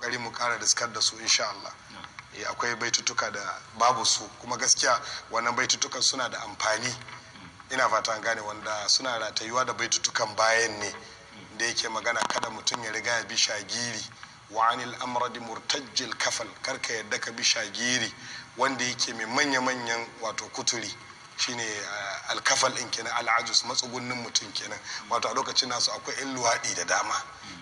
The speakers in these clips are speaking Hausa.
kokari mu kara diskar da su insha Allah eh, akwai baitutuka da babu su kuma gaskiya wannan baitutuka suna da amfani mm. ina fata gane wanda suna ratayuwa da baitutukan bayan ne mm. da yake magana kada mutum ya riga ya bi shagiri wa anil amradi murtajjil kafal karka yadda ka bi shagiri wanda yake mai manya-manyan wato kuturi shine eh, alkafal din kenan al'ajus matsugunnin mutum kenan wato a lokacin nasu akwai yan luwaɗi da dama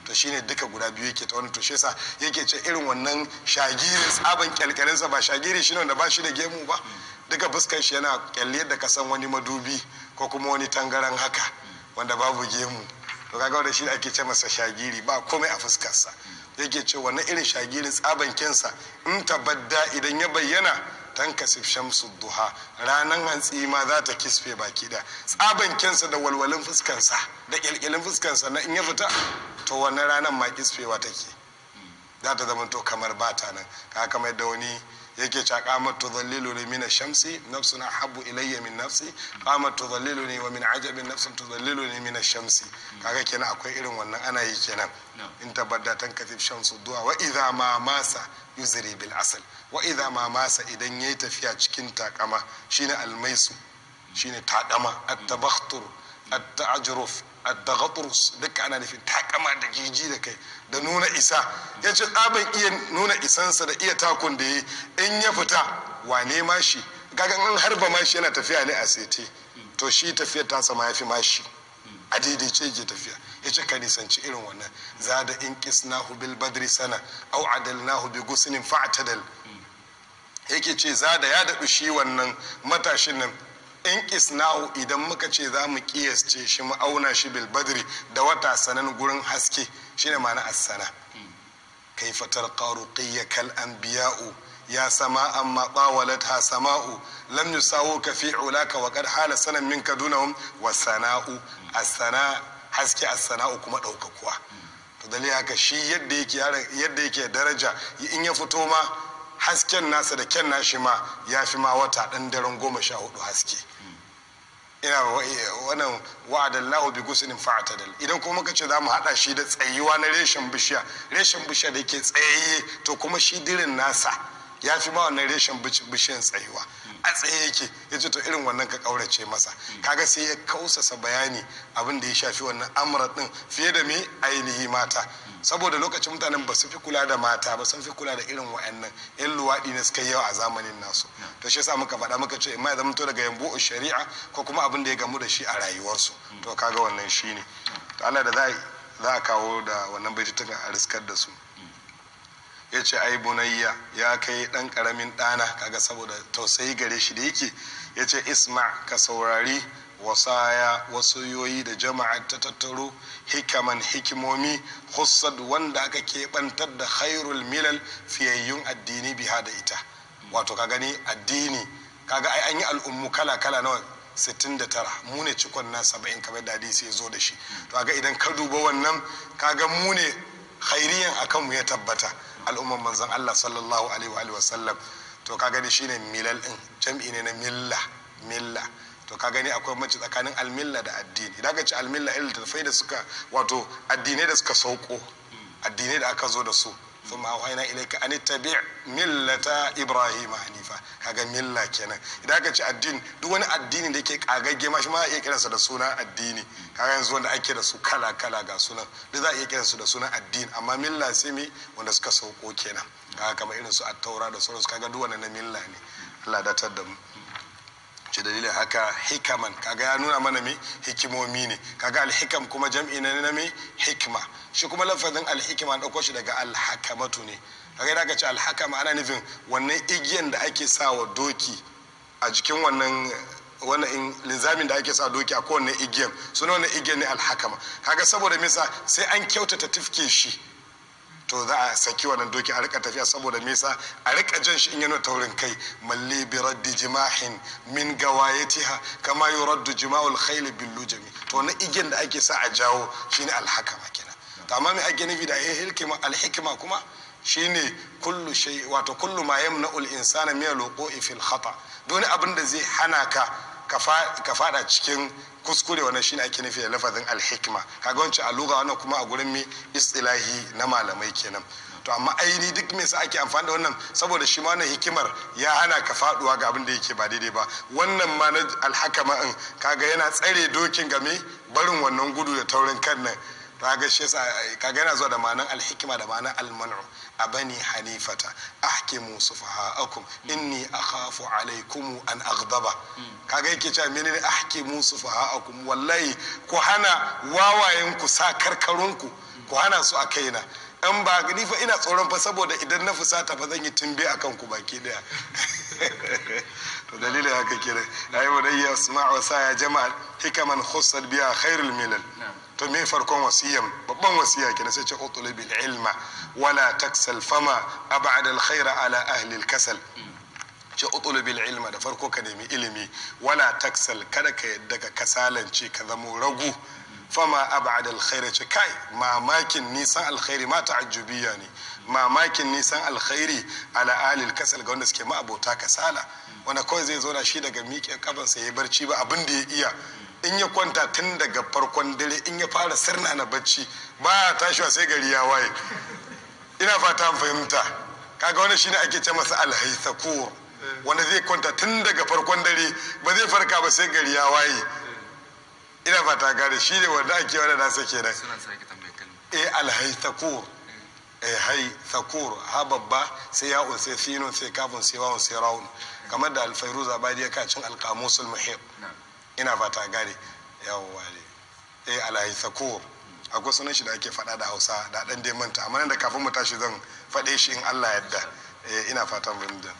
to shine duka guda biyu yake ta wani to shesa yake ce irin wannan shagirin tsaban kyalkyalinsa ba shagiri shine wanda ba shi da gemu ba duka fuskar shi yana kyalle da kasan wani madubi ko kuma wani tangaran haka wanda babu gemu to kaga wanda shi ake ce masa shagiri ba komai a fuskarsa yake ce wannan irin shagirin tsaban kensa in tabadda idan ya bayyana tankasif shamsu duha ranan hantsi ma za ta kisfe baki da tsaban kyansa da walwalin fuskansa da kyalkyalin fuskansa na in ya fita to wannan ranan ma kisfewa take za ta zama to kamar bata nan ka kamar da wani yake cewa qamat tudhalliluni min ash-shamsi nafsuna ahabbu ilayya min nafsi qamat ne wa min ajabin nafsun tudhalliluni min ash-shamsi kaga kenan akwai irin wannan ana yi kenan in tabadda katif shamsu du'a wa idha ma masa yuzri bil asl wa idha ma masa idan yayi tafiya cikin takama shine almaisu shine taɗama at-tabakhtur at-ta'jruf at-taghatrus duk ana nufin takama da jiji da kai da nuna isa ya ce tsaban iya nuna isansa da iya takun da yi in ya fita wane mashi gagan an harba mashi yana tafiya ne a sete to shi tafiya ta sama ya fi mashi a ce je tafiya ya ce ka nisanci irin wannan za da in kisnahu bil badri sana au adalnahu bi gusnin fa'tadal yake ce za da ya daɗu shi wannan matashin nan in isna'u idan muka ce za mu kiyasce shi mu auna shi bilbadri da wata sanan gurin haske shine ma'ana asana kai fatar karu kal biya'u ya sama amma tawalat ha sama'u lam sawo ka fi ulaka wa wakar hala sanan ka duna wa sana'u asana haske asana'u sanau kuma ɗaukakuwa to dalili haka shi yadda yake yadda daraja in ya fito ma hasken nasa da kyan nashi ma ya fi ma wata ɗan daren goma sha hudu haske ina eh, wannan wa'adan lahu bi guslin fa'tadal idan kuma kace za mu hada shi da tsayuwa na reshen bishiya reshen bishiya da yake tsayaye to kuma shi dirin nasa ya fi ma wannan reshen bishiyan tsayuwa a tsaye yake ya ce to irin wannan ka kaurace masa kaga sai ya kausasa bayani abin da ya shafi wannan amra din fiye da me ainihi mata saboda lokacin mutanen ba su fi kula da mata ba sun fi kula da irin wa'annan yan luwaɗi ne suka yawa a zamanin nasu to shi yasa muka faɗa muka ce imma ya zama to daga yambu shari'a ko kuma abin da ya gamu da shi a rayuwarsu to kaga wannan shine to Allah da za a kawo da wannan baitutun a riskar da su ya ce ai bunayya ya kai dan karamin dana kaga saboda tausayi gare shi da yake ya ce isma ka saurari wasaya wasu yoyi da jama'a ta tattaro hikaman hikimomi hussad wanda aka keɓantar da khairul milal fiyayyun addini biha da ita wato ka gani addini kaga ai an yi al'ummu kala kala nawa 69 mu ne cikon na 70 kamar da hadisi ya zo da shi to kaga idan ka duba wannan kaga mu ne khairiyan akan mu ya tabbata al'umman manzan Allah sallallahu alaihi wa sallam to ka gani shine milal din jam'i ne na milla milla to ka gani akwai mace tsakanin almilla da addini idan ka ci almilla irin da suka wato addinai da suka sauko addinai da aka zo da su ثم أوحينا إليك أن tabi millata إبراهيم hanifa kaga milla kenan idan aka ci addini duk wani addini da yake kagagge ma shi ma iya kiransa da suna addini kaga yanzu wanda ake da su kala kala ga sunan duk za a iya kiransu da sunan addini amma milla sai mi wanda suka sauko kenan kaga kamar irin su attaura da sauransu kaga duk wannan na milla ne Allah datar da mu ce dalilin haka hikaman kaga ya nuna mana me hikimomi ne kaga alhikam kuma jam'i ne na me hikma shi kuma lafazin alhikima an dauko shi daga alhakamatu ne kaga idan aka ce alhakama ana nufin wannan igiyan da ake sa wa doki a jikin wannan wannan linzamin da ake sa doki a kowane igiyan suna wannan igiyan ne alhakama kaga saboda misa sai an kyautata tifke shi to za a saki wannan doki a rika tafiya saboda mesa a rika jan shi in yana taurin kai malli bi raddi jima'in min gawayatiha kama yuraddu jima'ul khayl bil lujami to na igin da ake sa a jawo shine alhakama kenan to amma me ake nufi da hikima alhikima kuma shine kullu shay wato kullu ma yamna'ul insana min al-wuqu'i fil khata duk abin da zai hana ka ka fada cikin kuskure wannan shine ake nufi da lafazin alhikma kaga wancan a lugha wannan kuma a gurin mi istilahi na malamai kenan to amma aini duk me sa ake amfani da wannan saboda shi ma wannan hikimar ya hana ka faduwa ga abin da yake ba daidai ba wannan ma na alhakama in kaga yana tsare dokin game barin wannan gudu da taurin kan nan kaga shi yasa eh, kaga yana zuwa da ma'anar alhikima da ma'anar almanu bani hanifata ahkimu sufaha'akum inni akhafu alaikumu an aghdaba kaga yake cewa ne ahkimu sufaha'akum wallahi ku hana wawayen ku sa karkarun ku ku hana su a kaina in ba ni fa ina tsoron fa saboda idan na fusata fa zan yi tumbe akan ku baki daya to dalilin haka kira yi wadai ya yasma a wasa ya jama'a hikaman khusar biya khairul milal to me farkon wasiyan babban wasiya kina sai ce bil ilma wala taksal fama ab'ad al khaira ala ahli al kasal mm. ce bil ilma da farko ka nemi ilimi wala taksal kada ka yadda ka kasalance ka zamo ragu mm. fama ab'ad al khaira ce kai mamakin nisan alkhairi ma ta'ajjubiya ne mamakin nisan alkhairi ala ahli al kasal ga wanda suke ma'abota kasala wanda kawai zai zauna shi daga miƙe kafansa ya barci ba abin da ya iya in ya kwanta tun daga farkon dare in ya fara sirna na barci tashi wa sai gari ya waye ina fata fahimta kaga wani shine ake ce masa alhaisaku wanda zai kwanta tun daga farkon dare ba zai farka ba sai gari ya waye ina fata gare shi ne wanda ake wani nasa nan eh alhaisaku eh hai sakur ha babba sai ya'un sai sinun sai kafin sai wawun sai rawun kamar da alfairu zabadi ya kacin alkamusul muhib ina fata gari. yawwa ne eh alahi sakur akwai sunan shi da ake faɗa da hausa da ɗan dai manta amma da kafin mu tashi zan faɗe shi in allah yadda eh, ina fatan mun da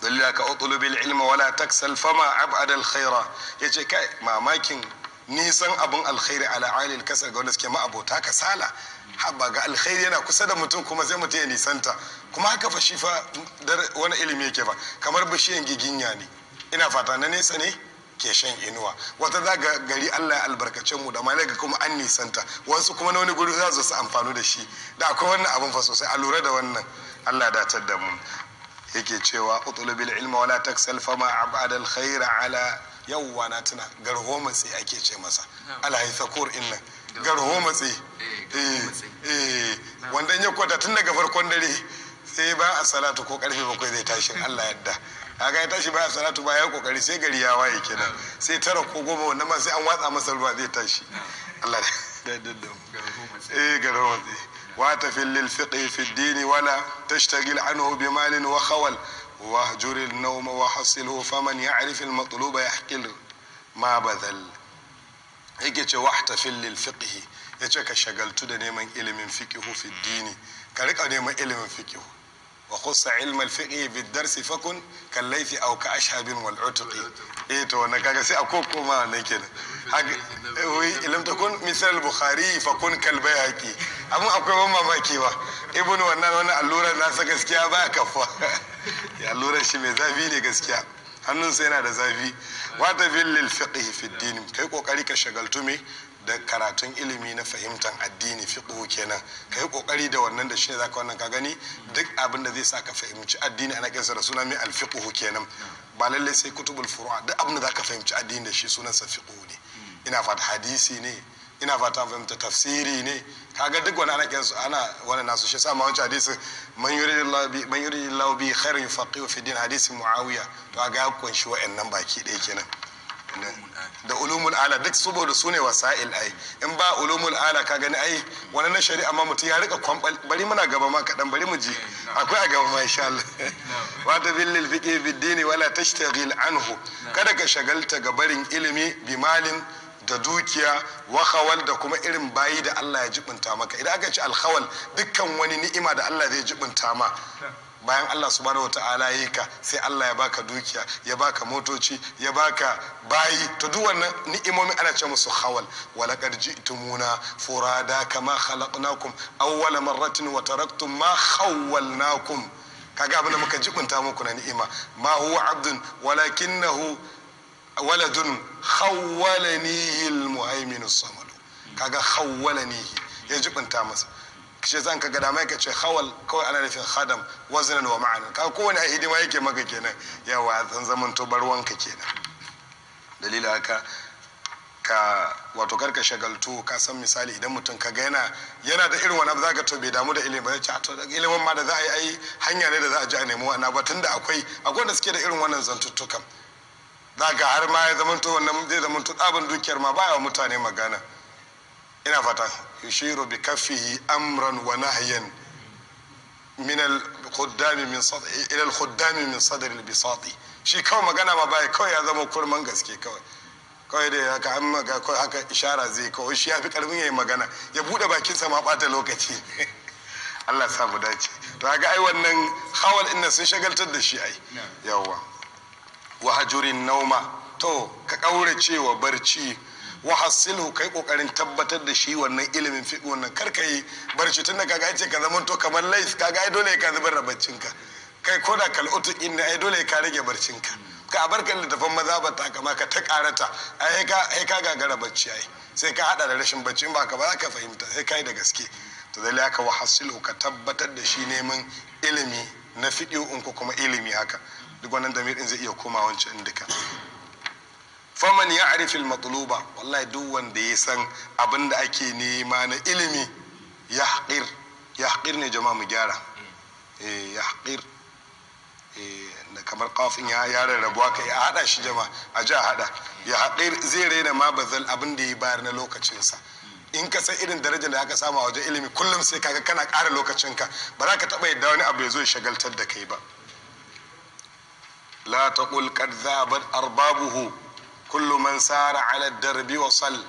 dalila ka bil ilma wala taksal fama abadal khaira yace kai mamakin nisan abin alkhairi ala alil kasar ga wanda suke ma'abota kasala haba ga alkhairi yana kusa da mutum kuma sai mutum ya nisanta kuma haka fa shi fa wani ilimi yake ba kamar bishiyan giginya ne ina fata na nesa ne ke shan inuwa wata za ga gari Allah ya albarkace mu da kuma an nisanta wasu kuma na wani guri za su amfanu da shi da akwai wannan abin fa sosai a lura da wannan Allah datar da mu yake cewa utulubil ilma wala taksal fama abada alkhaira ala yawwa na tuna garho matsi ake ce masa alhaithakur in nan garho matsi eh, eh, eh. wanda ya kwata tun daga farkon dare sai ba a salatu ko karfe bakwai zai tashi allah yadda a ya tashi ba a salatu ba ya kokari sai gari ya waye kenan sai tara ko goma wanda ma sai an watsa masa ruwa zai tashi Allah da dadda eh garho matsi wa tafil lil fiqh fi dini wala tashtagil anhu bi malin wa khawal واهجر النوم وحصله فمن يعرف المطلوب يحقل ma bazal yake ce wahta fillil fiqhi ya ce ka shagaltu da neman ilimin fiqhu fi dini ka rika neman ilimin fiqhu wa khussa ilm al fiqhi bi fakun kal laythi aw ashabin wal utqi eh to wannan kaga sai a kokoma ne kenan wai ilam takun misal bukhari fakun kal bayhaqi akwai mamaki ba wannan allura na sa gaskiya ba kafa ya lura shi mai zafi ne gaskiya hannun sai yana da zafi wata fillil fiqh fi dini kai kokari ka shagaltu me da karatun ilimi na fahimtar addini fiqh kenan kai kokari da wannan da shine zaka wannan ka gani duk abin da zai saka fahimci addini ana kinsa da suna mai fiqh kenan ba lalle sai kutubul furu'a duk abin da zaka fahimci addini da shi sunan sa fiqh ne ina fata hadisi ne ina fata fahimta tafsiri ne kaga duk wani ana kiransu ana wani nasu shi sama wancan hadisi man yuri lau bi khairin yufaqihu fi din hadisin muawiya to a ya kunshi wa'annan baki ɗaya kenan da ulumul ala duk saboda su ne wasa'il ai in ba ulumul ala ka gani ai wani na shari'a ma mutum ya rika kwambal bari muna gaba ma kaɗan bari mu ji eh, akwai a gaba ma insha Allah wa ta fiqi bid wala tashtaghil anhu kada ka shagalta ga barin ilimi bi malin da dukiya wakawal da kuma irin bayi da Allah ya jibinta maka idan aka ci alhawal dukkan wani ni'ima da Allah zai jibinta ma bayan Allah subhanahu wata'ala yi ka sai Allah ya baka dukiya ya baka motoci ya baka bayi to duk wannan ni'imomi ana ce musu khawal walaqad ji'tumuna furada kama khalaqnakum awwala marratin wa taraktum ma khawwalnakum kaga abin da muka jibinta muku na ni'ima ma huwa abdun walakinahu waladun khawwalanihi almuhaimin samad kaga khawwalanihi ya jibinta masa kishi zan kaga da mai kace khawal kawai ana nufin khadam waznan wa ma'anan kaga kowane ai hidima yake maka kenan yawa zan zaman to barwanka kenan dalilin haka ka wato karka shagaltu ka san misali idan mutum ka ga yana yana da irin wani abu zaka to bai damu da ilimi ba ce to ilimin ma da za a yi ai hanya ne da za a ji a nemi wani ba tunda akwai akwai da suke da irin wannan zantuttukan za ga har ma ya zamanto wannan zai zamanto tsabin dukiyar ma baya wa mutane magana ina fata yushiru bi kaffihi amran wa nahyan min al khuddami min sadri ila al khuddami min sadri al bisati shi kawai magana ma baya kawai ya zama kurman gaske kawai kawai da haka an maga kawai haka ishara zai kawai shi ya fi karfin ya yi magana ya bude bakinsa ma bata lokaci Allah sa mu dace to ga ai wannan hawal inna sun shagaltar da shi ai yawwa wa hajurin nauma to ka ƙaurace cewa barci wa hasilu kai kokarin tabbatar da shi wannan ilimin fiqh wannan karka yi barci tun da kaga ce ka zama to kamar lais kaga ai dole ka zubar da barcinka kai ko da kalutu ne ai dole ka rage barcinka ka a barkan littafin maza ba ta kama ka ta karata ai ka ai ka gagara barci ai sai ka hada da rashin barci ba ka ba za ka fahimta sai kai da gaske to dai haka wa hasilu ka tabbatar da shi neman ilimi na fiqh ko kuma ilimi haka duk wannan damir din zai iya koma wancan duka faman ya arifil matluba wallahi duk wanda ya san abin da ake nema na ilimi ya haƙir ya haƙir ne jama'a mu gyara eh, ya haƙir eh, da kamar kafin ya yare rabuwa ka ya haɗa shi jama'a a ji a haɗa ya haƙir zai raina ma bazal abin da ya bayar na lokacinsa in ka san irin darajar da aka samu a wajen ilimi kullum sai kaga kana ƙara lokacinka ba za ka taɓa yadda wani abu ya zo ya shagaltar da kai ba لا تقل قد ذابت أربابه كل من سار على الدرب وصل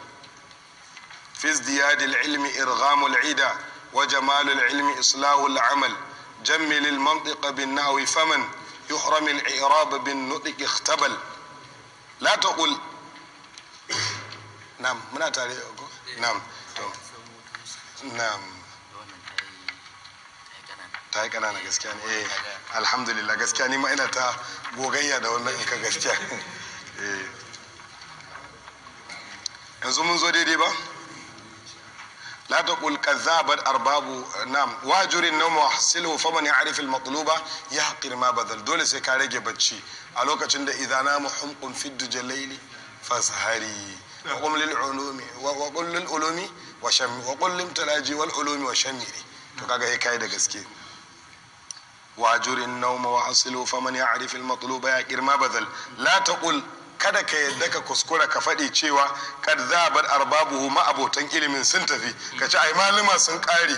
في ازدياد العلم إرغام العدا وجمال العلم إصلاح العمل جمل المنطق بالناوي فمن يحرم الإعراب بالنطق اختبل لا تقل نعم من نعم نعم ta yi ƙanana gaskiya ne eh alhamdulillah gaskiya ni ma ina ta goganya da wannan ika gaskiya eh yanzu mun zo daidai ba la taqul kazzabat arbabu nam wajurin nam wahsilu fa man ya'rif al matluba yahqir ma badal dole sai ka rage bacci a lokacin da idza namu humqun fi dujalaili fasahari وقم للعلوم وقل للعلوم وشم وقل لمتلاجي والعلوم وشني تو كاغا هي كاي دا غسكي واجر النوم nawm فمن يعرف المطلوب يا كرما matluba ya kirma la kada ka yadda ka kuskura ka faɗi cewa kad bar arbabuhu ma abotan ilimin sun tafi ka ci ai malama sun ƙare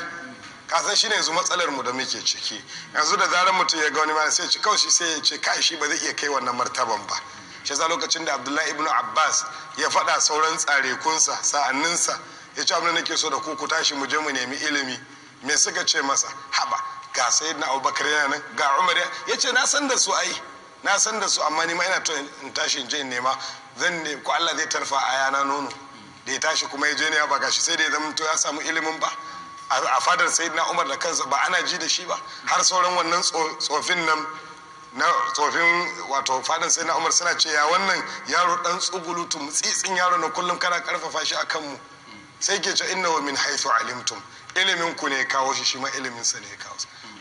kasan shi ne yanzu matsalar mu da muke ciki yanzu da zarar mutum ya ga wani malam sai ci kaushi sai ya ce kai shi ba zai iya kai wannan martaban ba shi za lokacin da abdullahi ibnu abbas ya faɗa sauran tsarekunsa sa'anninsa ya ce abin da nake so da ku ku tashi mu je mu nemi ilimi me suka ce masa haba ga na abubakar yana nan ga umar ya ce na san da su ai na san da su amma ni ma ina in tashi in je in nema zan ne ko Allah zai tarfa aya na nono da ya tashi kuma ya je ne ya ba shi sai da ya zama to ya samu ilimin ba a fadar sayyidina umar da kansa ba ana ji da shi ba har sauran wannan tsofin nan na tsofin wato fadin na umar suna ce ya wannan yaro dan tsugulutu mutsitsin yaro na kullum kana karfafa shi akan mu sai ke ce wa min haythu alimtum ilimin ku ne kawo shi shi ma ilimin sa ne kawo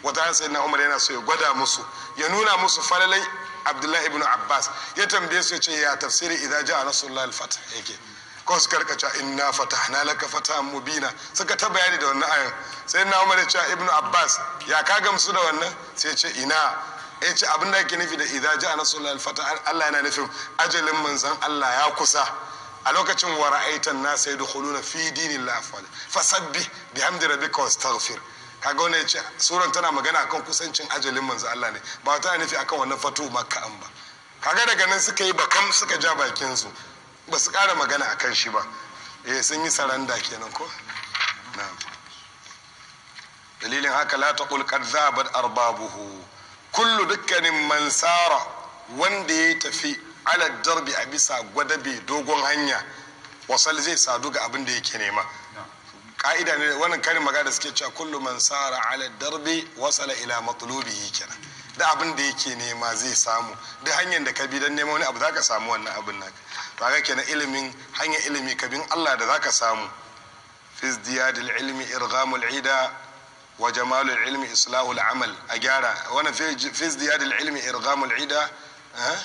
wata sai na umar yana so ya gwada musu ya nuna musu falalai abdullahi ibn abbas ya tambaye su ya ce ya tafsiri idan ja'a nasrullah al-fath yake ko su karkaca inna fatahna laka fatahan mubina suka ta bayani da wannan ayan sai na umar ya ce ibn abbas ya ka gamsu da wannan sai ya ce ina ya ce abin da yake nufi da idan a nasrullah al-fath Allah yana nufin ajalin manzon Allah ya kusa a lokacin wa ra'aitan nasa yadkhuluna fi dinillahi afwala bihamdi rabbika wastaghfir kaga wannan yace suran tana magana akan kusancin ajalin manzo Allah ne ba ta nufi akan wannan fatu makka an ba kaga daga nan suka yi bakam suka ja bakin su ba su kara magana akan shi ba eh sun yi saranda kenan ko na'am dalilin haka la taqul qad zabat arbabuhu kullu dukkanin mansara wanda ya tafi ala darbi a bisa gwadabe dogon hanya wasal zai sadu ga abin da yake nema ka'ida ne wannan karin magana da suke cewa kullum man sara ala darbi wasala ila matlubihi kenan da abin da yake nema zai samu duk hanyar da ka bi dan neman wani abu zaka samu wannan abin naka to haka kenan ilimin hanyar ilimi ka bin Allah da zaka samu fi ziyadil ilmi irghamul ida wa jamalul ilmi islahul amal a gyara wannan fi ziyadil ilmi irghamul ida eh?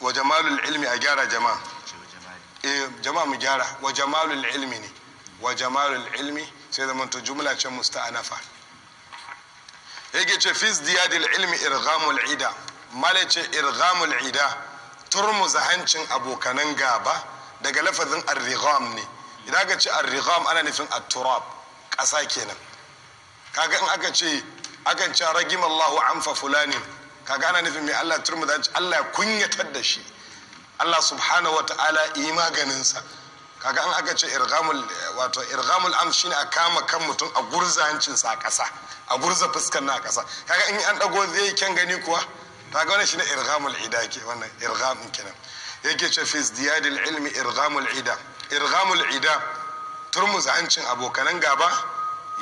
wa jamalul ilmi a gyara jama'a eh, jama'a mu gyara wa jamalul ilmi ne wa jamalul ilmi sai da manta jumla can ce musta'anafa yake ce fi ziyadil ilmi irgamul ida male ce irgamul ida turmuza hancin abokanan gaba daga lafazin arrigam ne idan aka ce arrigam ana nufin a turab ƙasa kenan kaga in aka ce akan ce an anfa fulani kaga ana nufin mai Allah turmuza Allah kunyatar da shi Allah subhanahu wa ta'ala yi maganinsa kaga an aka ce irgamul wato irgamul am shine a kama kan mutum a gurza hancinsa a ƙasa a gurza fuskar na a ƙasa kaga in an dago zai kyan gani kuwa ta ga wannan shine irgamul ida ke wannan irgamun kenan yake ce fi ziyadil ilmi irgamul ida irgamul ida turmuza hancin abokanan gaba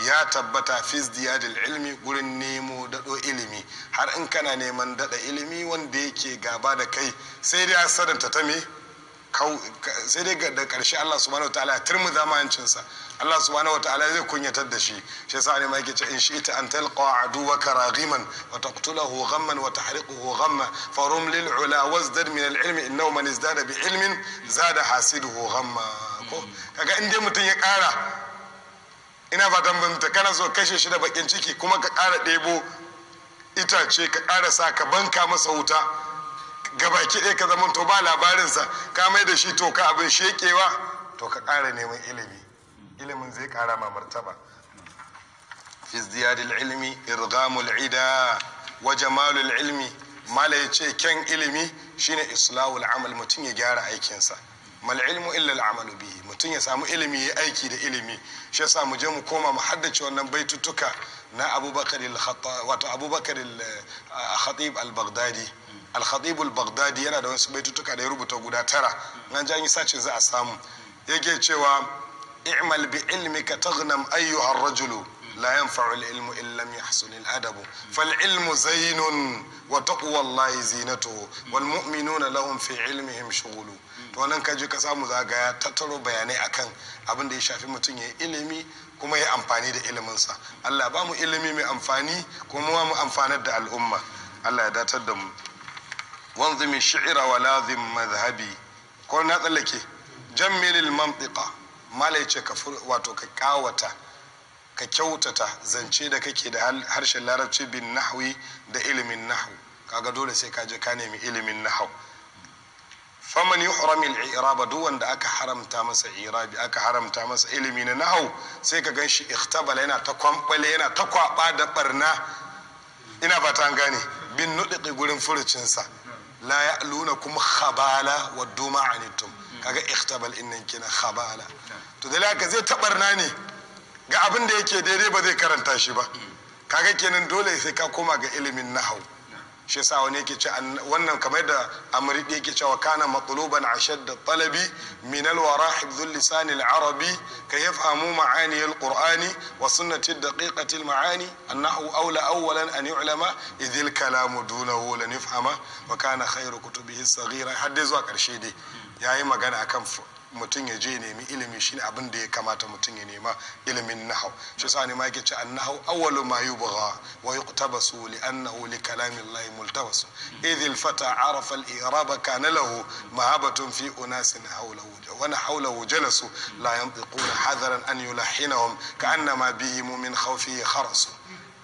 ya tabbata fi ziyadil ilmi gurin nemo dado ilimi har in kana neman dada ilimi wanda yake gaba da kai sai dai sadanta ta me sai dai da karshe Allah subhanahu wataala ya turmuza mahancinsa Allah subhanahu wataala zai kunyatar da shi shi yasa ne ma in shi ita an talqa aduwaka raghiman wa taqtulahu ghamman wa tahriquhu ghamma farum lil ula wazdad min al ilmi innahu man izdada bi ilmin zada hasiduhu ghamma ko kaga in dai mutum ya kara ina fatan ta kana so kashe shi da bakin ciki kuma ka kara ɗebo itace ka kara sa ka banka masa wuta gabaki ɗaya ka zama to ba labarinsa ka mai da shi to ka abin shekewa to ka ƙara neman ilimi ilimin zai ƙara ma martaba fi ziyadil ilmi irgamul ida wa jamalul ilmi mala ya ce kyan ilimi shine islahul amal mutum ya gyara aikinsa mal ilmu illa al'amalu bihi mutum ya samu ilimi ya aiki da ilimi shi yasa mu je mu koma mu haddace wannan baitutuka na abubakar al-khattab wato abubakar al-khatib eh, al-baghdadi al bagdadi yana da wasu baitutuka da ya rubuta guda tara nan jan yi sacin za a samu yake cewa i'mal bi ilmika taghnam ayyuha ayyuhan rajulu la yanfa'u ilmu illa lam yahsun al-adabu fal ilmu zainun wa taqwa allahi zinatuhu wal mu'minuna lahum fi ilmihim shughulu to nan ka je ka samu zagaya tattaro bayanai akan abin da ya shafi mutum ya ilimi kuma ya amfani da iliminsa Allah ba mu ilimi mai amfani kuma mu amfanar da al'umma Allah ya datar da mu wanzumi shi'ira wa lazim mazhabi ko na tsallake jammilil mantiqa mala ce ka wato ka kawata ka kyautata zance da kake da harshen larabci bin nahwi da ilimin nahwu kaga dole sai ka je ka nemi ilimin nahwu faman yuhram al duk wanda aka haramta masa i'rabi aka haramta masa ilimi na nahu sai ka ganshi ikhtabala yana ta kwambale yana ta kwaba da barna ina fatan gane bin nuɗiƙi gurin furucinsa la ya luna kuma khabala wa duma anitum kaga ikhtabal innan kina khabala to da ka zai tabarna ne ga abin da yake daidai ba zai karanta shi ba kaga kenan dole sai ka koma ga ilimin nahau shi yasa wani yake ce wannan kamar da amridi yake cewa kana matluban ashadda talabi min alwara hibdhul lisan arabi ka yafhamu ma'ani qur'ani. wa sunnati daqiqati ma'ani annahu awla awwalan an yu'lama kalamu alkalamu dunahu lan yafhama wa kana khayru kutubihi as-saghira hadda zuwa karshe dai yi magana a akan mutum ya je ya nemi ilimi shine abin da ya kamata mutum ya nema ilimin nahau shi sa ne ma yake ce annahu awwalu ma yubgha wa yuqtabasu li annahu li kalami llahi multabasu idh al fata arafa al iraba kana lahu mahabatun fi unasin hawlahu wa na hawlahu jalasu la yantiquna hadaran an yulahinahum ka'annama bihim min khawfihi kharasu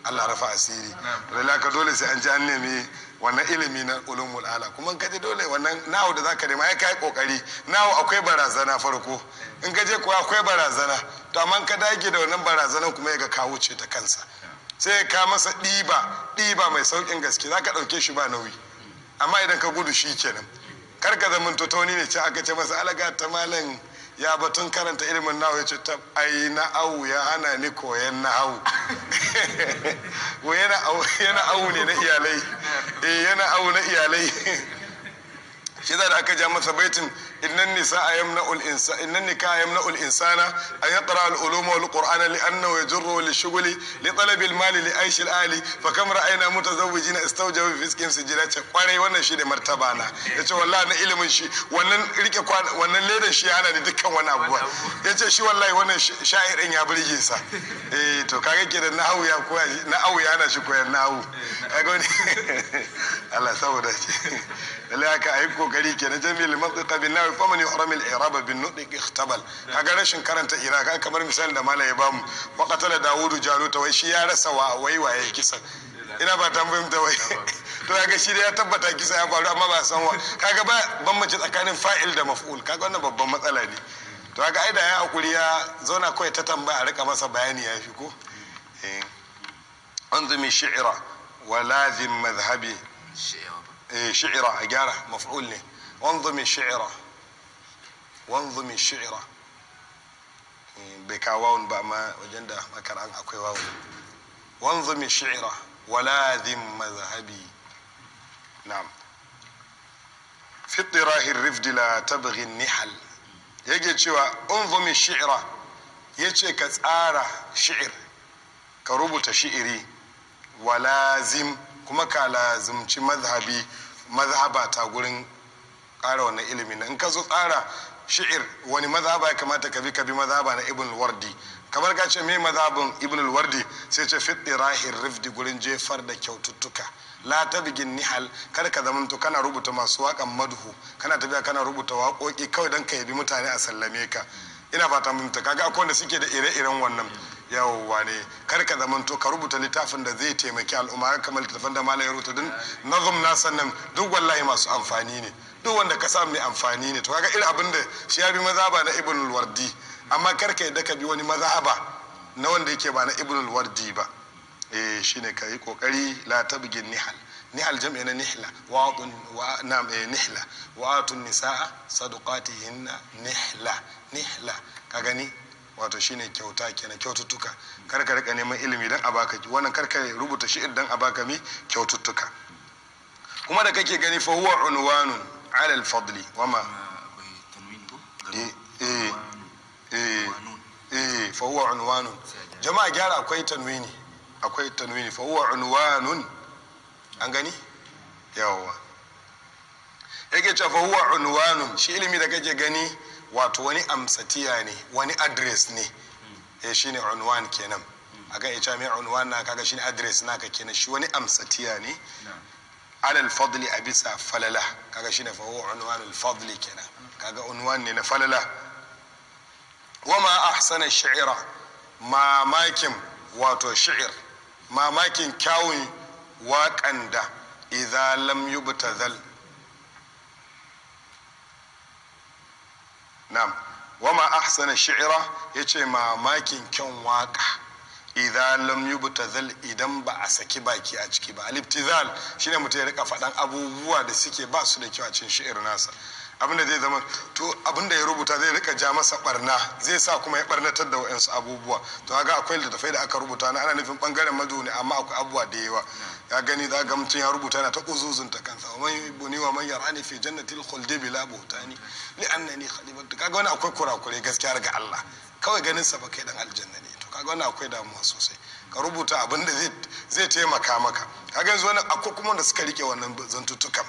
Allah rafa asiri lallaka dole sai an ji an nemi wannan ilimi na ulumul ala kuma kaje dole wannan nawo da zaka nema ya kai kokari nawo akwai barazana farko in kaje kuwa akwai barazana to amma ka dage da wannan barazana kuma ya ga kawo ce ta kansa sai ya ka masa ɗiba ɗiba mai saukin gaske zaka ɗauke shi ba nauyi amma idan ka gudu shi kenan kar ka zamanto tauni ne ce aka ce masa alaga ta malam ya batun karanta ilimin nahu ya ce tab ai awu ya hana ni koyan na'au wa yana au ne na iyalai eh yana au na iyalai shi da aka ja masa baitin innan nisaa yamna'ul insa innan nikah insana an yaqra al ulum wal qur'ana li annahu li shughli li talab al li aish ali fa kam ra'ayna mutazawwijin istawjabu fi fiskin sijila ce kwarai wannan shi ne martaba yace wallahi na ilimin shi wannan ledan shi yana da dukkan wani abuwa yace shi wallahi wannan sha'irin ya burge sa eh to kaga ke da nahawu ya koya shi koyan nahawu kaga Allah saboda shi lalle haka kokari kenan jamil mantiqa bin nahawu iraq fa man yuhram al i'rab bin nutq ikhtabal kaga rashin karanta iraq kamar misalin da malai ya bamu wa qatala dawudu jaluta wai shi ya rasa wa wai waye kisa ina ba tambayin ta wai to kaga shi da ya tabbata kisa ya faru amma ba san wa kaga ba bambanci tsakanin fa'il da maf'ul kaga wannan babban matsala ne to kaga ai da ya hakuri ya zauna kawai ta tambaya a rika masa bayani ya fi ko eh anzumi shi'ra wa lazim madhhabi shi'ra eh, a gyara maf'ul ne anzumi shi'ra wanzu min shi'ira eh, bai kawo wawun ba amma wajen da makaran akwai wawun wanzu min shi'ira waladhin mazhabi na'am fi tirahin rifdila tabghi nihal yake cewa unzu min shi'ira yace ka tsara shi'ir ka rubuta shi'iri walazim kuma ka lazimci mazhabi mazhabata gurin ƙara wannan ilimin in ka so tsara shi'ir wani mazhaba ya kamata ka bi ka bi mazhaba na ibn wardi kamar ka ce me mazhabin ibn wardi sai ce fi dirahir rifdi gurin jefar da kyaututtuka la tabgin nihal kar ka zamanto kana rubuta masu wakan madhu kana tafiya kana rubuta waƙoƙi kawai dan ka yabi mutane a sallame ka ina fata mun ta kaga akwai wanda suke da ire-iren wannan yawowa ne kar ka zamanto ka rubuta littafin da zai taimaki al'umma kamar littafin da malam ya rubuta din nazum na sannan duk wallahi masu amfani ne duk wanda ka sa mai amfani ne to kaga irin abin da shi ya bi mazhaba na ibn wardi amma kar ka yadda ka bi wani mazhaba na wanda yake ba na ibn wardi ba eh shine kai kokari la tabgin nihal nihal jam'i na nihla wa wa nam eh nihla wa atun nisaa nihla nihla ka gani wato shine kyauta kenan kyaututtuka kar ka rika neman ilimi dan a baka wannan kar ka rubuta shi dan a baka mi kyaututtuka kuma da kake gani fa huwa unwanun ala al-fadli wama eh eh, eh eh fa huwa unwanun jama'a gyara akwai tanwini akwai tanwini fa huwa unwanun an gani yawwa yake cewa fa huwa unwanun shi ilimi da kake gani wato wani amsatiya ne wani address ne hmm. eh shine unwan kenan hmm. aga ya ce mai unwan na kaga shine address naka kenan shi wani amsatiya ne alal fadli a bisa falala kaga shine fa huwa unwanul fadli kenan kaga unwan ne na falala wama ahsana shi'ra mamakin wato shi'ir mamakin kyawun waƙanda idza lam yubtazal na'am wama ahsana shi'ira yace mamakin kyan waka idan lam yubtazal idan ba a saki baki a ciki ba Aliftizal shine mutum ya rika faɗan abubuwa da suke ba su da kyau a cikin shi'ir nasa abinda zai zama to abinda ya rubuta zai rika ja masa barna zai sa kuma ya barnatar da wa'ansu abubuwa to ga akwai da tafai da aka rubuta na ana nufin bangaren mazo ne amma akwai abubuwa da yawa ya gani za ga mutum ya rubuta na ta kuzuzun ta kansa wa man yubuni wa man yarani fi jannati al-khuldi bila buhtani li annani khalibatu kaga wani akwai kurakure gaskiya ga Allah kawai ganin sa ba kai dan aljanna ne to kaga wani akwai damuwa sosai ka rubuta abin da zai taimaka maka kaga yanzu wani akwai kuma wanda suka rike wannan zantuttukan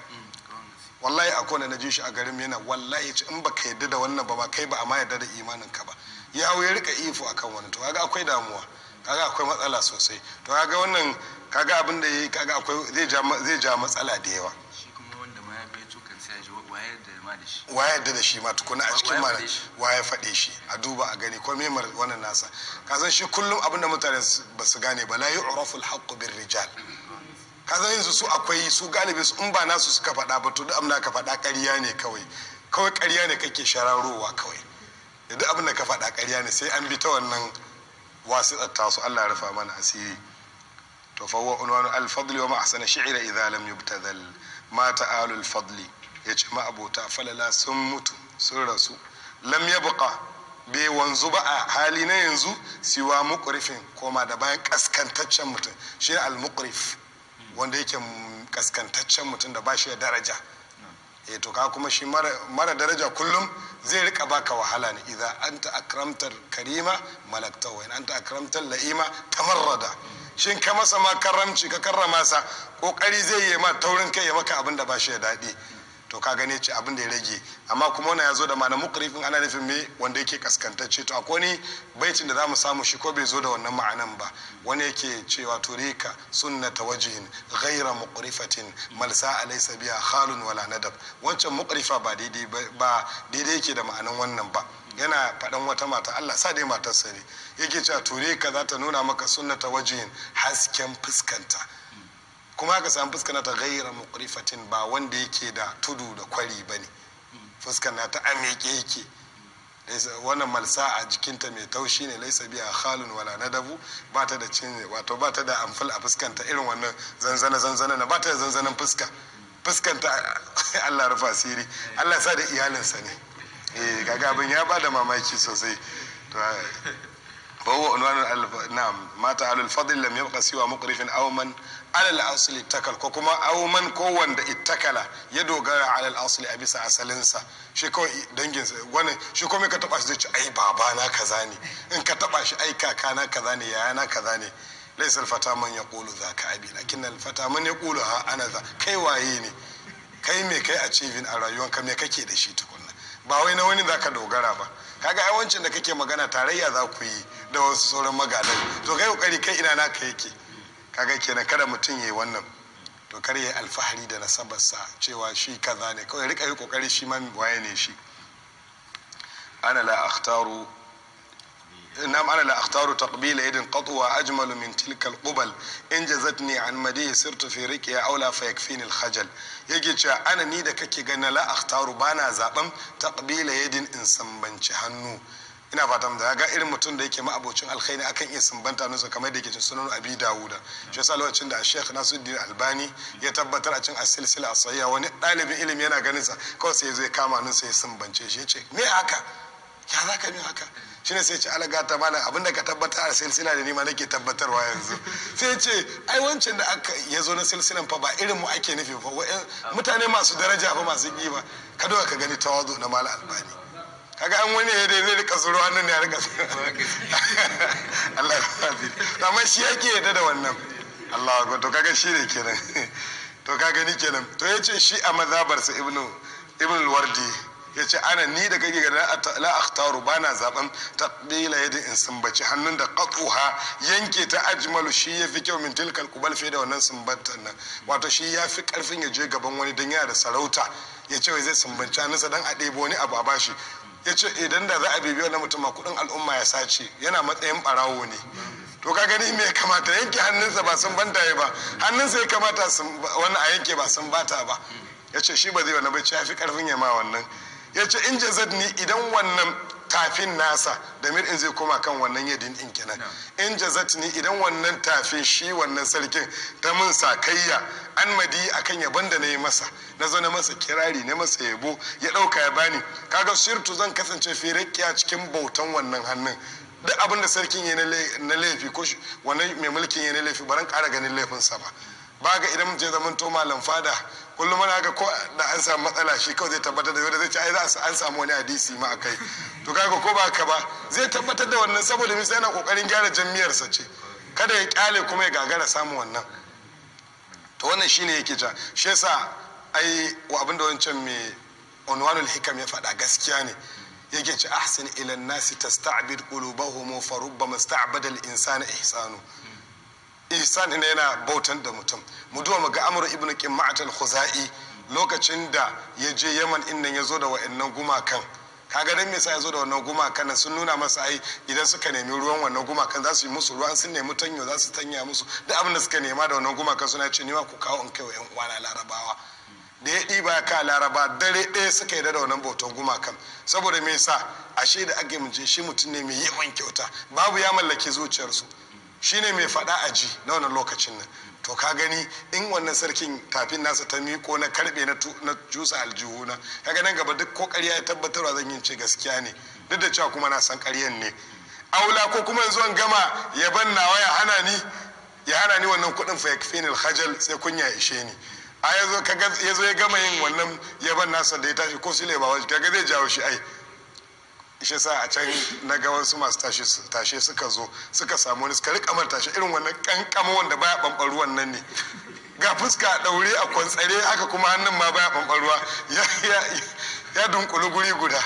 wallahi akwai kone na ji shi a garin yana wallahi ci in baka yadda da wannan ba ba kai ba amma yadda da imanin ka ba yawo ya rika ifo akan wani to kaga akwai damuwa kaga akwai matsala sosai to kaga wannan kaga abin da yayi kaga akwai zai ja zai ja matsala da yawa waye yadda da shi ma tukuna a cikin mana waye faɗe shi a duba a gani ko memar wannan nasa kasan shi kullum abin da mutane ba su gane ba la yu'raful haqqu bir rijal kaza yanzu su akwai su galibi su in ba nasu suka faɗa ba to duk da ka faɗa ƙarya ne kawai kawai ƙarya ne kake shararowa kawai da duk abin da ka faɗa ƙarya ne sai an bi ta wannan wasu tsatta su Allah rufa mana asiri to fa huwa unwanu al fadli wa ma'sana shi'ra idza lam yubtadal ma ta'alu al fadli ya ce ma abota falala sun mutu sun rasu lam yabqa bai wanzu ba a hali na yanzu siwa mukurifin koma da bayan kaskantaccen mutum shi al mukurif wanda yake kaskantaccen mutum da ba shi da daraja e to kuma shi mara daraja kullum zai rika baka wahala ne an anta akramtar karima malakta wa in anta akramtar la'ima tamarrada shin ka masa ma karamci ka karrama sa kokari zai yi ma taurin kai ya maka abin da ba shi da daɗi to ka gane ce abin da ya rage amma kuma wannan ya zo da ma'ana mukarifin ana nufin me wanda yake kaskantacce to akwai wani baitin da zamu samu shi ko bai zo da wannan ma'anan ba wani yake cewa turika sunnata wajihin ghaira muqrifatin malsa alaysa biha khalun wala nadab wancan muqrifa ba daidai ba daidai yake da ma'anan wannan ba yana faɗan wata mata Allah sa dai matarsa ne yake cewa turika za ta nuna maka sunnata wajihin hasken fuskanta kuma haka samu fuska na ta gaira muqrifatin ba wanda yake da tudu da kwari bane fuskar nata ta ameke yake wannan malsa a jikinta mai taushi ne laisa biya halin wala nadabu ba ta da cin wato ba ta da amfal a fuskanta irin wannan zanzana zanzana na ba ta da zanzanan fuska fuskanta Allah rufa asiri Allah sa da iyalinsa ne eh kaga abin ya bada mamaki sosai فهو عنوان الف... نعم مات على الفضل لم يبقى سوى مقرف او من على الاصل ko kuma او من كون da ya dogara على الاصل a bisa asalinsa shi kawai wani shi kuma ka taba shi zai ce ai baba na kaza ne in ka taba shi ai kaka na kaza ne yaya na kaza ne laysa alfata man yaqulu zaka abi lakin alfata man yaqulu ha ana kai waye ne kai me kai achieving a rayuwanka me kake da shi tukunna ba wai na wani zaka dogara ba kaga yawancin da kake magana tarayya za ku yi da wasu sauran magadan to kai kokari kai ina naka yake kaga kenan kada mutum yayi wannan to kar yayi alfahari da nasabarsa cewa shi kaza ne kawai rika yi kokari shi ma waye ne shi ana la akhtaru نعم أنا yadin أختار تقبيل يد قطوة kubal من تلك ne amadi ya عن مديه صرت في ركيا أولى فيكفيني الخجل yake cewa ana ni da kake gani la akhtaru bana zaben taqbila yadin in sambanci hannu ina fatan da ga irin mutum da yake ma'abocin alkhairi akan iya sumbanta nisa kamar da yake cin sunan abi dawuda shi yasa lokacin da sheikh nasuddin albani ya tabbatar a cin asilsila a sayya wani ɗalibin ilimi yana ganin sa kawai sai ya zo ya kama nusa ya sumbance shi ce me haka ya zaka min haka shine sai ce alaga ta mana abinda ka tabbata a silsila da nima nake tabbatarwa yanzu sai ce ai wancan da aka ya zo na silsilan fa ba irin mu ake nufi fa mutane masu daraja fa masu kima ka doka ka gani tawazu na mala albani kaga an wani ya dai zai rika tsoro hannun ya rika Allah ya amma shi yake yadda da wannan Allah ya to kaga shi ne kenan to kaga ni kenan to yace shi a mazabarsa ibnu ibnu wardi ya ce ana ni da kake gada la akhtaru bana zaben taqbila yadi in sumbaci hannun da qatuha yanke ta ajmalu shi yafi kyau min tilkal kubal fi da wannan sumbatan nan wato shi yafi karfin ya je gaban wani dan yana da sarauta ya ce zai sumbanci sa dan a ɗebo wani abu a bashi ya ce idan da za a bibiyo na mutum a kuɗin al'umma ya sace yana matsayin ɓarawo ne to ka gani me kamata yanke hannunsa ba sun banta ba hannunsa ya kamata wani a yanke ba sun bata ba ya ce shi ba zai wani bai ce ya fi karfin ya ma wannan ya ce in ni idan wannan tafin nasa da mir'in zai koma kan wannan yadin din kenan in ni idan wannan tafin shi wannan sarkin ta mun sakayya an madi akan ya da na yi masa na zo na masa kirari na masa yabo ya ɗauka ya bani kaga shirtu zan kasance firakiya cikin bautan wannan hannun duk abin da sarkin ya na laifi ko wannan mai mulkin ya na laifi baran ƙara ganin laifinsa ba ba ga idan je zaman to malam fada kullum mana ga ko da an samu matsala shi kawai zai tabbatar da wanda zai ce ai za an samu wani hadisi ma akai to kaga ko ba ka ba zai tabbatar da wannan saboda misa yana kokarin gyara jami'ar sa ce kada ya kyale kuma ya gagara samun wannan to wannan shine yake ja shi yasa ai wa abin da wancan me unwanul hikam ya faɗa gaskiya ne yake ce ahsin ila nasi tasta'bid qulubahum fa rubbama sta'bada al-insana ihsanu ihsani ne yana bautan da mutum mu duwa mu ga amru ibn qimmat al-khuzai lokacin da ya je yaman nan ya zo da wa'annan gumakan kaga dan me yasa ya zo da wannan gumakan sun nuna masa ai idan suka nemi ruwan wannan gumakan za su yi musu ruwan sun nemi tanyo za su tanya musu da abin da suka nema da wannan gumakan suna ce ni ma ku kawo in kai wa yan uwana larabawa da ya ɗiba ka laraba dare ɗaya suka yi da wannan bautan gumakan saboda me yasa ashe da ake mun shi mutum ne mai yawan kyauta babu ya mallaki zuciyarsu Shi ne mai faɗa a ji na wannan lokacin nan to ka gani in wannan sarkin tafin nasa ta miko na karbe na jusa aljihu na kaga nan gaba duk ko ƙarya ya tabbatarwa zan yi ce gaskiya ne duk da cewa kuma na san ƙaryan ne aula ko kuma yanzu an gama ya ban nawa ya hana ni ya hana ni wannan kuɗin fa yakfini sai kunya ishe ni a yazo ya gama yin wannan ya ban nasa da ya tashi ko sile ba wajen kaga zai jawo shi ai shi sa a can na ga wasu masu tashe suka zo suka samu wani suka rika tashe irin wannan kankama wanda baya ruwan nan ne ga fuska a daure a kwantsare haka kuma hannun ma baya ruwa ya dunkulu guri guda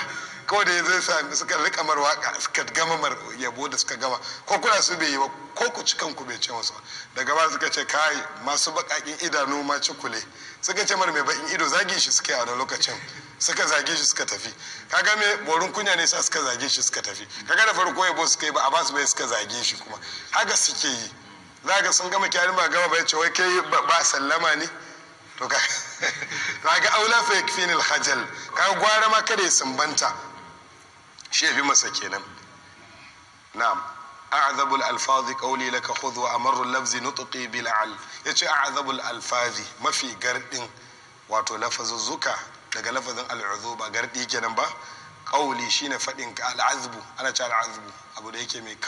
kawai da ya zai suka rika mar waka suka gama mar yabo da suka gama ko kuna su bai yi ba ko ku ci kanku bai ce masu daga ba suka ce kai masu bakakin idanu ma cikule suka ce mar mai bakin ido zagi shi suke a wani lokacin suka zage shi suka tafi kaga me borin kunya ne sa suka zage shi suka tafi kaga da farko yabo suka yi ba a ba bai suka zage shi kuma haka suke yi zaka sun gama kyari ba gama bai ce wai kai ba sallama ne to ka ga aula fa yakfini alhajal ka gwara ma kada ya sumbanta shi yafi masa kenan na'am أعذب الألفاظ قولي لك خذ وأمر اللفظ نطقي بلعل يتي أعذب الألفاظ ما في قرد wato lafazuzzuka daga lafazin al'uzu ba gardi kenan ba ƙauli shine faɗin ka al'azbu ana ce al'azbu abu da yake mai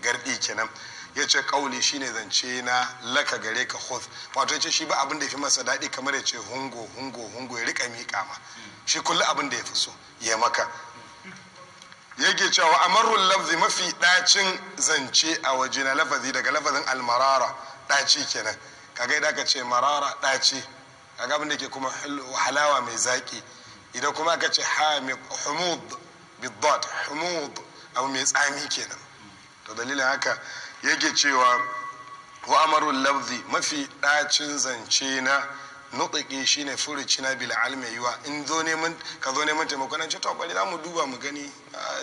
gardi kenan ya ce shine zance na laka gare ka huz wato ce shi ba abin da ya fi masa daɗi kamar ya ce hungo hungo hungo ya rika miƙa ma shi kullum abin da ya fi so ya maka yake cewa amarrul lafzi mafi ɗacin zance a waje na lafazi daga lafazin almarara ɗaci kenan kaga idan ka ce marara ɗaci kaga abin da ke kuma halawa mai zaki idan kuma aka ce humud bidot humud abu mai tsami kenan to dalilin haka yake cewa wa amarul lafzi mafi ɗacin zance na nutsaki shine furuci na bil alme yiwa in zo neman ka zo neman taimako nan ce to bari za mu duba mu gani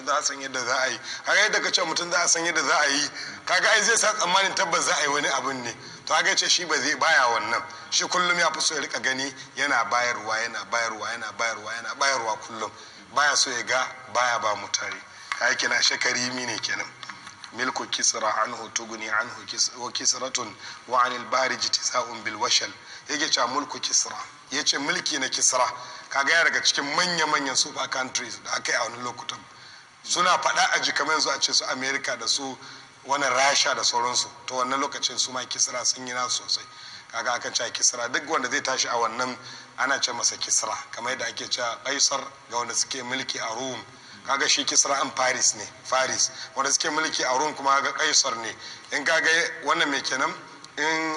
za a san yadda za a yi kaga yadda ka ce mutum za a san yadda za a yi kaga ai zai sa tsammanin tabbas za a yi wani abun ne to a ce shi ba zai baya wannan shi kullum ya fi so ya rika gani yana bayarwa yana bayarwa yana bayarwa yana bayarwa kullum baya so ya ga baya ba tare. ya kina shakarimi ne kenan milku kisra anhu tuguni anhu wa kisratun wa anil bariji tisa'un bil washal yake cewa mulku kisra yace mulki na kisra ka gaya daga cikin manya manyan super countries da aka yi a wani lokutan suna faɗa a jikamen yanzu a ce su america da su wani rasha da sauransu to wannan lokacin su ma kisra sun yi nasu sosai kaga akan cewa kisra duk wanda zai tashi a wannan ana ce masa kisra kamar yadda ake cewa kaisar ga wanda suke mulki a rum kaga shi kisra an faris ne faris wanda suke mulki a rum kuma ga kaisar ne in kaga wannan mai kenan in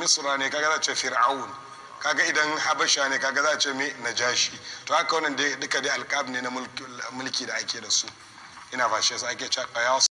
misra ne kaga za ce fir'aun kaga idan habasha ne kaga za a ce mai najashi to haka wannan duka dai alqab ne na mulki da ake da su ina fashe su ake cewa